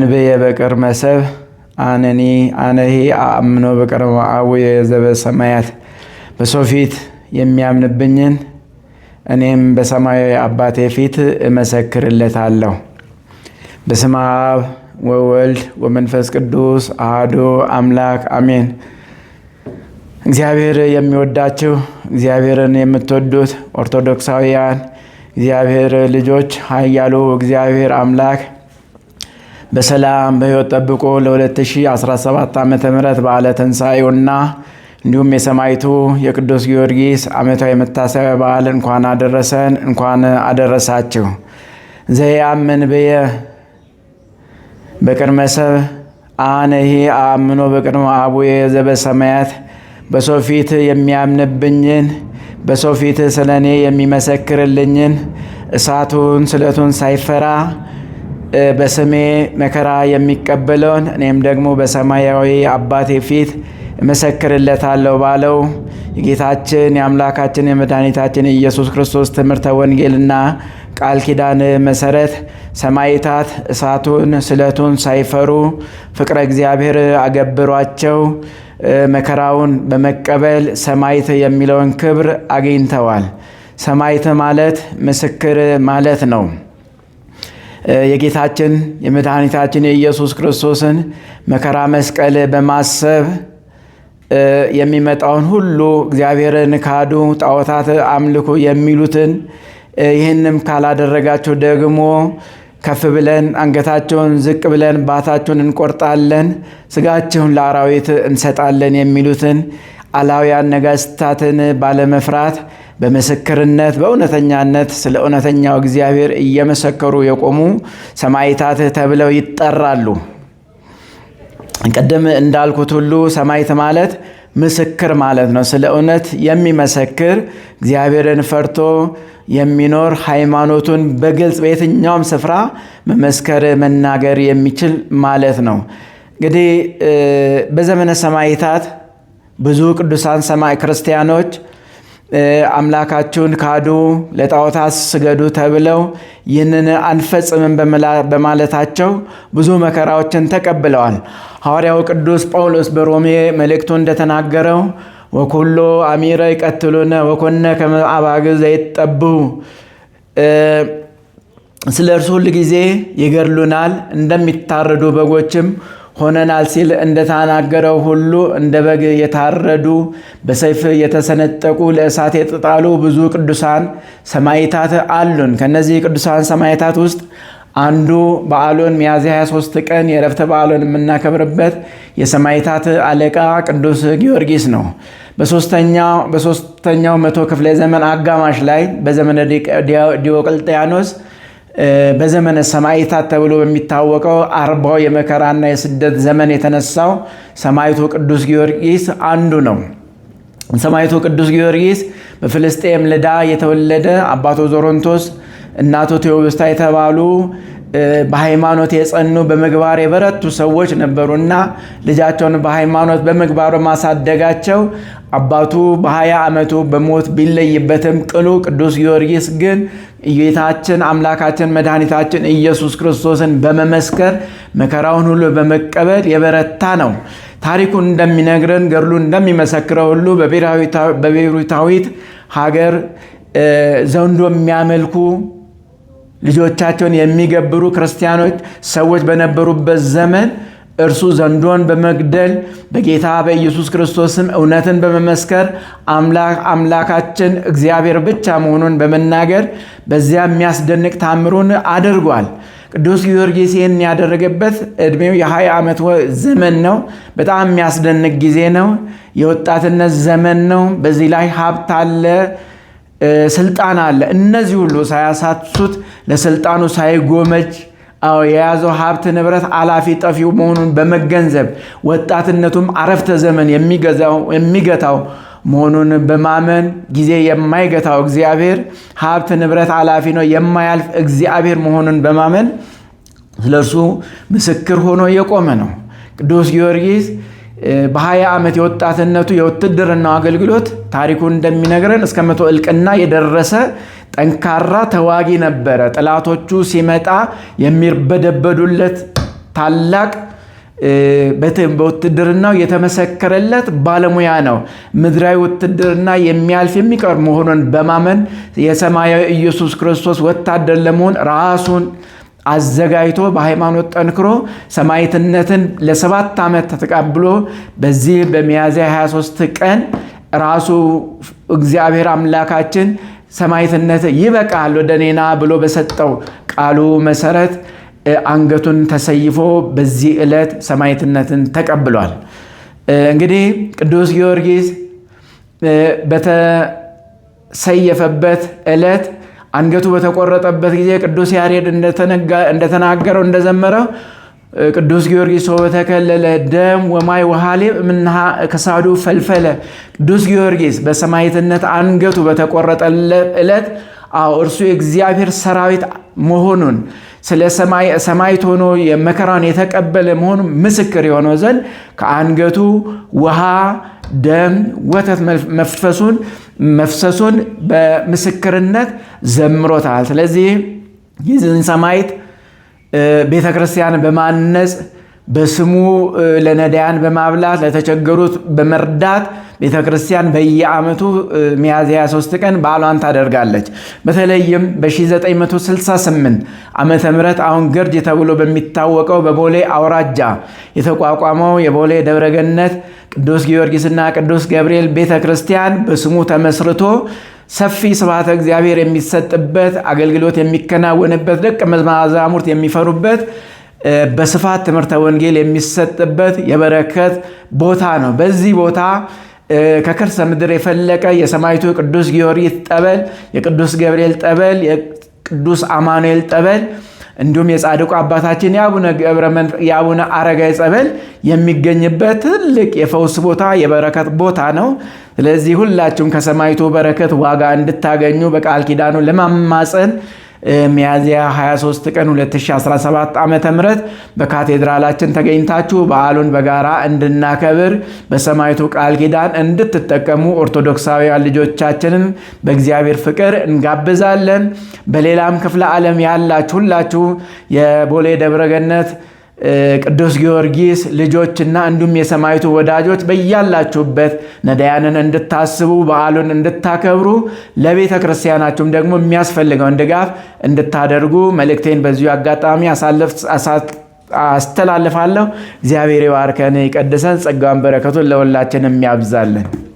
እንብየ በቅድመ መሰብ አነኒ አነሄ አእምኖ በቅድመ አቡየ ዘበሰማያት በሰው ፊት የሚያምንብኝን እኔም በሰማያዊ አባቴ ፊት እመሰክርለታለሁ። በስመ አብ ወወልድ ወመንፈስ ቅዱስ አዶ አምላክ አሜን። እግዚአብሔር የሚወዳችሁ እግዚአብሔርን የምትወዱት ኦርቶዶክሳውያን እግዚአብሔር ልጆች ኃያሉ እግዚአብሔር አምላክ በሰላም በሕይወት ጠብቆ ለ2017 ዓ ም በዓለ ተንሣኤውና እንዲሁም የሰማይቱ የቅዱስ ጊዮርጊስ ዓመታዊ መታሰቢያ በዓል እንኳን አደረሰን፣ እንኳን አደረሳችሁ። ዘያምን ብየ በቅድመ ሰብ አነሂ አምኖ በቅድመ አቡየ ዘበሰማያት በሰው ፊት የሚያምንብኝን በሰው ፊት ስለ እኔ የሚመሰክርልኝን እሳቱን ስለቱን ሳይፈራ በስሜ መከራ የሚቀበለውን እኔም ደግሞ በሰማያዊ አባቴ ፊት እመሰክርለታለሁ ባለው የጌታችን የአምላካችን የመድኃኒታችን ኢየሱስ ክርስቶስ ትምህርተ ወንጌልና ቃል ኪዳን መሰረት ሰማይታት እሳቱን ስለቱን ሳይፈሩ ፍቅረ እግዚአብሔር አገብሯቸው መከራውን በመቀበል ሰማይት የሚለውን ክብር አግኝተዋል። ሰማይት ማለት ምስክር ማለት ነው። የጌታችን የመድኃኒታችን የኢየሱስ ክርስቶስን መከራ መስቀል በማሰብ የሚመጣውን ሁሉ እግዚአብሔርን ካዱ፣ ጣዖታት አምልኩ የሚሉትን ይህንም ካላደረጋቸው ደግሞ ከፍ ብለን አንገታቸውን ዝቅ ብለን ባታቸውን እንቆርጣለን፣ ስጋቸውን ለአራዊት እንሰጣለን የሚሉትን አላውያን ነገስታትን ባለመፍራት በምስክርነት በእውነተኛነት ስለ እውነተኛው እግዚአብሔር እየመሰከሩ የቆሙ ሰማይታት ተብለው ይጠራሉ። ቅድም እንዳልኩት ሁሉ ሰማይት ማለት ምስክር ማለት ነው። ስለ እውነት የሚመሰክር እግዚአብሔርን ፈርቶ የሚኖር ሃይማኖቱን በግልጽ በየትኛውም ስፍራ መመስከር፣ መናገር የሚችል ማለት ነው። እንግዲህ በዘመነ ሰማይታት ብዙ ቅዱሳን ሰማይ ክርስቲያኖች አምላካችሁን ካዱ፣ ለጣዖታት ስገዱ ተብለው ይህንን አንፈጽምም በማለታቸው ብዙ መከራዎችን ተቀብለዋል። ሐዋርያው ቅዱስ ጳውሎስ በሮሜ መልእክቱ እንደተናገረው ወኩሎ አሚረ ይቀትሉነ ወኮነ ከመ አባግዕ ዘይጠብሑ ስለ እርሱ ሁል ጊዜ ይገድሉናል እንደሚታረዱ በጎችም ሆነናል ሲል እንደተናገረው ሁሉ እንደ በግ የታረዱ በሰይፍ የተሰነጠቁ ለእሳት የተጣሉ ብዙ ቅዱሳን ሰማይታት አሉን። ከነዚህ ቅዱሳን ሰማይታት ውስጥ አንዱ በዓሉን ሚያዝያ 23 ቀን የረፍተ በዓሉን የምናከብርበት የሰማይታት አለቃ ቅዱስ ጊዮርጊስ ነው። በሶስተኛው መቶ ክፍለ ዘመን አጋማሽ ላይ በዘመነ ዲዮቅልጥያኖስ በዘመነ ሰማይታት ተብሎ በሚታወቀው አርባው የመከራና የስደት ዘመን የተነሳው ሰማይቱ ቅዱስ ጊዮርጊስ አንዱ ነው። ሰማይቱ ቅዱስ ጊዮርጊስ በፍልስጤም ልዳ የተወለደ አባቶ ዞሮንቶስ እናቶ ቴዎብስታ የተባሉ በሃይማኖት የጸኑ በምግባር የበረቱ ሰዎች ነበሩና ልጃቸውን በሃይማኖት በምግባር በማሳደጋቸው አባቱ በሀያ ዓመቱ በሞት ቢለይበትም ቅሉ ቅዱስ ጊዮርጊስ ግን ጌታችን አምላካችን መድኃኒታችን ኢየሱስ ክርስቶስን በመመስከር መከራውን ሁሉ በመቀበል የበረታ ነው። ታሪኩን እንደሚነግረን ገድሉ እንደሚመሰክረው ሁሉ በቤሩታዊት ሀገር ዘንዶ የሚያመልኩ ልጆቻቸውን የሚገብሩ ክርስቲያኖች ሰዎች በነበሩበት ዘመን እርሱ ዘንዶን በመግደል በጌታ በኢየሱስ ክርስቶስም እውነትን በመመስከር አምላካችን እግዚአብሔር ብቻ መሆኑን በመናገር በዚያ የሚያስደንቅ ታምሩን አድርጓል። ቅዱስ ጊዮርጊስ ይህን ያደረገበት ዕድሜው የ20 ዓመት ዘመን ነው። በጣም የሚያስደንቅ ጊዜ ነው። የወጣትነት ዘመን ነው። በዚህ ላይ ሀብት አለ፣ ስልጣን አለ። እነዚህ ሁሉ ሳያሳትሱት ለስልጣኑ ሳይጎመጅ የያዘው ሀብት ንብረት አላፊ ጠፊው መሆኑን በመገንዘብ ወጣትነቱም አረፍተ ዘመን የሚገታው መሆኑን በማመን ጊዜ የማይገታው እግዚአብሔር ሀብት ንብረት አላፊ ነው፣ የማያልፍ እግዚአብሔር መሆኑን በማመን ስለ እርሱ ምስክር ሆኖ የቆመ ነው። ቅዱስ ጊዮርጊስ በሀያ ዓመት የወጣትነቱ የውትድርናው አገልግሎት ታሪኩ እንደሚነግረን እስከ መቶ እልቅና የደረሰ ጠንካራ ተዋጊ ነበረ። ጠላቶቹ ሲመጣ የሚርበደበዱለት ታላቅ በውትድርናው የተመሰከረለት ባለሙያ ነው። ምድራዊ ውትድርና የሚያልፍ የሚቀር መሆኑን በማመን የሰማያዊ ኢየሱስ ክርስቶስ ወታደር ለመሆን ራሱን አዘጋጅቶ በሃይማኖት ጠንክሮ ሰማዕትነትን ለሰባት ዓመት ተቀብሎ በዚህ በሚያዝያ 23 ቀን ራሱ እግዚአብሔር አምላካችን ሰማዕትነት ይበቃል ወደ እኔና ብሎ በሰጠው ቃሉ መሰረት አንገቱን ተሰይፎ በዚህ ዕለት ሰማዕትነትን ተቀብሏል። እንግዲህ ቅዱስ ጊዮርጊስ በተሰየፈበት ዕለት አንገቱ በተቆረጠበት ጊዜ ቅዱስ ያሬድ እንደተናገረው እንደዘመረው ቅዱስ ጊዮርጊስ ወበተከለለ ደም ወማይ ውሃሌ ምንሃ ከሳዱ ፈልፈለ። ቅዱስ ጊዮርጊስ በሰማዕትነት አንገቱ በተቆረጠ ዕለት እርሱ የእግዚአብሔር ሰራዊት መሆኑን ስለ ሰማዕት ሆኖ የመከራን የተቀበለ መሆኑ ምስክር የሆነው ዘንድ ከአንገቱ ውሃ ደም ወተት መፍሰሱን መፍሰሱን በምስክርነት ዘምሮታል። ስለዚህ ይህን ሰማዕት ቤተ በማነጽ በስሙ ለነዳያን በማብላት ለተቸገሩት በመርዳት ቤተክርስቲያን በየአመቱ በየዓመቱ ሚያዝያ 23 ቀን በዓሏን ታደርጋለች። በተለይም በ1968 ዓመተ ምህረት አሁን ገርጅ ተብሎ በሚታወቀው በቦሌ አውራጃ የተቋቋመው የቦሌ ደብረገነት ቅዱስ ጊዮርጊስና ቅዱስ ገብርኤል ቤተክርስቲያን በስሙ ተመስርቶ ሰፊ ስብሐተ እግዚአብሔር የሚሰጥበት አገልግሎት የሚከናወንበት ደቀ መዛሙርት የሚፈሩበት በስፋት ትምህርተ ወንጌል የሚሰጥበት የበረከት ቦታ ነው። በዚህ ቦታ ከከርሰ ምድር የፈለቀ የሰማይቱ ቅዱስ ጊዮርጊስ ጠበል፣ የቅዱስ ገብርኤል ጠበል፣ የቅዱስ አማኑኤል ጠበል እንዲሁም የጻድቁ አባታችን የአቡነ አረጋዊ ጸበል የሚገኝበት ትልቅ የፈውስ ቦታ የበረከት ቦታ ነው። ስለዚህ ሁላችሁም ከሰማይቱ በረከት ዋጋ እንድታገኙ በቃል ኪዳኑ ለማማፀን ሚያዝያ 23 ቀን 2017 ዓ ም በካቴድራላችን ተገኝታችሁ በዓሉን በጋራ እንድናከብር በሰማይቱ ቃል ኪዳን እንድትጠቀሙ ኦርቶዶክሳውያን ልጆቻችንን በእግዚአብሔር ፍቅር እንጋብዛለን። በሌላም ክፍለ ዓለም ያላችሁ ሁላችሁ የቦሌ ደብረገነት ቅዱስ ጊዮርጊስ ልጆችና እንዲሁም የሰማይቱ ወዳጆች በያላችሁበት ነዳያንን እንድታስቡ በዓሉን እንድታከብሩ ለቤተ ክርስቲያናችሁም ደግሞ የሚያስፈልገውን ድጋፍ እንድታደርጉ መልእክቴን በዚሁ አጋጣሚ አስተላልፋለሁ። እግዚአብሔር ይባርከን፣ ይቀድሰን፣ ጸጋውን በረከቱን ለሁላችን የሚያብዛለን።